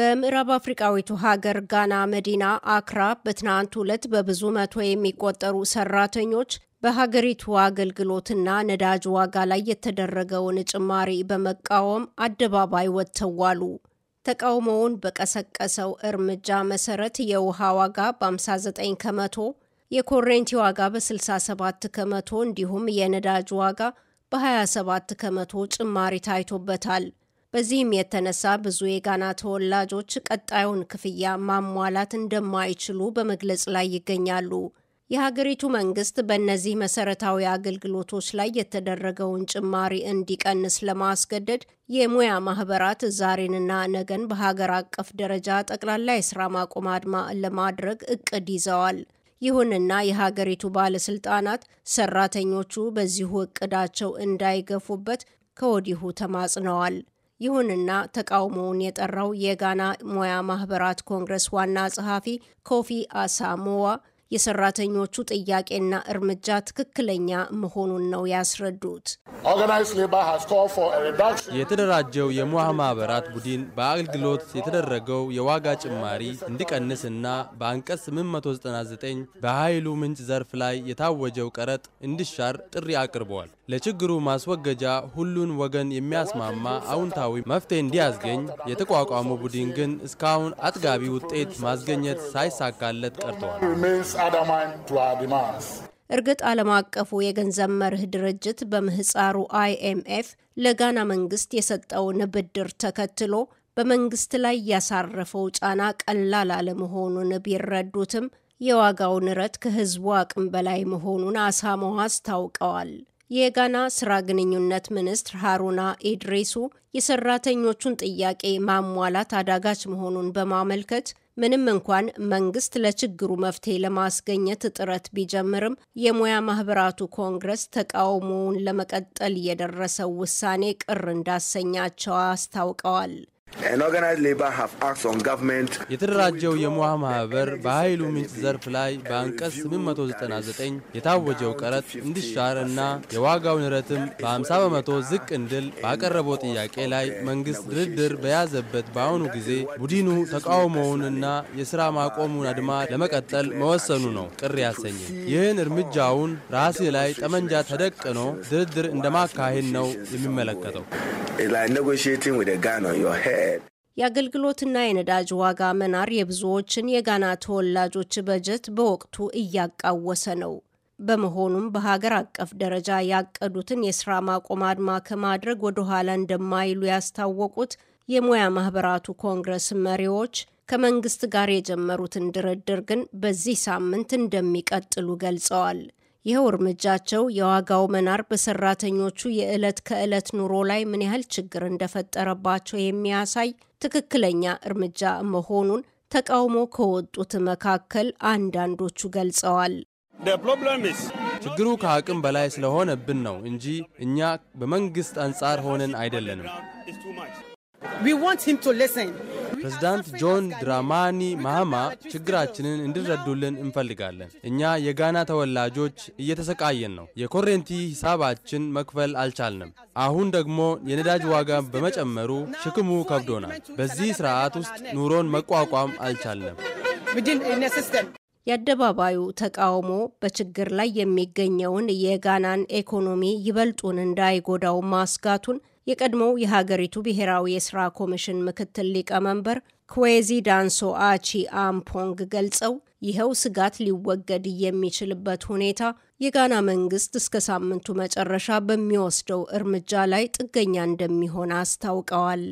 በምዕራብ አፍሪቃዊቱ ሀገር ጋና መዲና አክራ በትናንት ሁለት በብዙ መቶ የሚቆጠሩ ሰራተኞች በሀገሪቱ አገልግሎትና ነዳጅ ዋጋ ላይ የተደረገውን ጭማሪ በመቃወም አደባባይ ወጥተው ዋሉ። ተቃውሞውን በቀሰቀሰው እርምጃ መሰረት የውሃ ዋጋ በ59 ከመቶ፣ የኮሬንቲ ዋጋ በ67 ከመቶ እንዲሁም የነዳጅ ዋጋ በ27 ከመቶ ጭማሪ ታይቶበታል። በዚህም የተነሳ ብዙ የጋና ተወላጆች ቀጣዩን ክፍያ ማሟላት እንደማይችሉ በመግለጽ ላይ ይገኛሉ። የሀገሪቱ መንግስት በእነዚህ መሰረታዊ አገልግሎቶች ላይ የተደረገውን ጭማሪ እንዲቀንስ ለማስገደድ የሙያ ማህበራት ዛሬንና ነገን በሀገር አቀፍ ደረጃ ጠቅላላ የስራ ማቆም አድማ ለማድረግ እቅድ ይዘዋል። ይሁንና የሀገሪቱ ባለስልጣናት ሰራተኞቹ በዚሁ እቅዳቸው እንዳይገፉበት ከወዲሁ ተማጽነዋል። ይሁንና ተቃውሞውን የጠራው የጋና ሙያ ማህበራት ኮንግረስ ዋና ጸሐፊ ኮፊ አሳሞዋ የሰራተኞቹ ጥያቄና እርምጃ ትክክለኛ መሆኑን ነው ያስረዱት። የተደራጀው የሙያ ማህበራት ቡድን በአገልግሎት የተደረገው የዋጋ ጭማሪ እንዲቀንስና በአንቀጽ 899 በኃይሉ ምንጭ ዘርፍ ላይ የታወጀው ቀረጥ እንዲሻር ጥሪ አቅርበዋል። ለችግሩ ማስወገጃ ሁሉን ወገን የሚያስማማ አዎንታዊ መፍትሄ እንዲያስገኝ የተቋቋመው ቡድን ግን እስካሁን አጥጋቢ ውጤት ማስገኘት ሳይሳካለት ቀርተዋል። እርግጥ ዓለም አቀፉ የገንዘብ መርህ ድርጅት በምህፃሩ አይኤምኤፍ ለጋና መንግስት የሰጠውን ብድር ተከትሎ በመንግስት ላይ ያሳረፈው ጫና ቀላል አለመሆኑን ቢረዱትም የዋጋው ንረት ከህዝቡ አቅም በላይ መሆኑን አሳሞሃ አስታውቀዋል። የጋና ስራ ግንኙነት ሚኒስትር ሀሩና ኢድሪሱ የሰራተኞቹን ጥያቄ ማሟላት አዳጋች መሆኑን በማመልከት ምንም እንኳን መንግስት ለችግሩ መፍትሄ ለማስገኘት ጥረት ቢጀምርም የሙያ ማህበራቱ ኮንግረስ ተቃውሞውን ለመቀጠል የደረሰው ውሳኔ ቅር እንዳሰኛቸው አስታውቀዋል። የተደራጀው የሙሃ ማህበር በኃይሉ ምንጭ ዘርፍ ላይ በአንቀጽ 899 የታወጀው ቀረጥ እንዲሻር እና የዋጋው ንረትም በ50 በመቶ ዝቅ እንድል ባቀረበው ጥያቄ ላይ መንግስት ድርድር በያዘበት በአሁኑ ጊዜ ቡድኑ ተቃውሞውንና የስራ ማቆሙን አድማ ለመቀጠል መወሰኑ ነው ቅር ያሰኘ። ይህን እርምጃውን ራሴ ላይ ጠመንጃ ተደቅኖ ድርድር እንደማካሄድ ነው የሚመለከተው። የአገልግሎትና የነዳጅ ዋጋ መናር የብዙዎችን የጋና ተወላጆች በጀት በወቅቱ እያቃወሰ ነው። በመሆኑም በሀገር አቀፍ ደረጃ ያቀዱትን የስራ ማቆም አድማ ከማድረግ ወደ ኋላ እንደማይሉ ያስታወቁት የሙያ ማህበራቱ ኮንግረስ መሪዎች ከመንግስት ጋር የጀመሩትን ድርድር ግን በዚህ ሳምንት እንደሚቀጥሉ ገልጸዋል። ይኸው እርምጃቸው የዋጋው መናር በሰራተኞቹ የዕለት ከዕለት ኑሮ ላይ ምን ያህል ችግር እንደፈጠረባቸው የሚያሳይ ትክክለኛ እርምጃ መሆኑን ተቃውሞ ከወጡት መካከል አንዳንዶቹ ገልጸዋል። ችግሩ ከአቅም በላይ ስለሆነብን ነው እንጂ እኛ በመንግስት አንጻር ሆነን አይደለንም። ፕሬዝዳንት ጆን ድራማኒ ማሃማ ችግራችንን እንዲረዱልን እንፈልጋለን። እኛ የጋና ተወላጆች እየተሰቃየን ነው። የኮሬንቲ ሂሳባችን መክፈል አልቻልንም። አሁን ደግሞ የነዳጅ ዋጋ በመጨመሩ ሽክሙ ከብዶናል። በዚህ ስርዓት ውስጥ ኑሮን መቋቋም አልቻልንም። የአደባባዩ ተቃውሞ በችግር ላይ የሚገኘውን የጋናን ኢኮኖሚ ይበልጡን እንዳይጎዳው ማስጋቱን የቀድሞው የሀገሪቱ ብሔራዊ የስራ ኮሚሽን ምክትል ሊቀመንበር ኩዌዚ ዳንሶ አቺ አምፖንግ ገልጸው ይኸው ስጋት ሊወገድ የሚችልበት ሁኔታ የጋና መንግስት እስከ ሳምንቱ መጨረሻ በሚወስደው እርምጃ ላይ ጥገኛ እንደሚሆን አስታውቀዋል።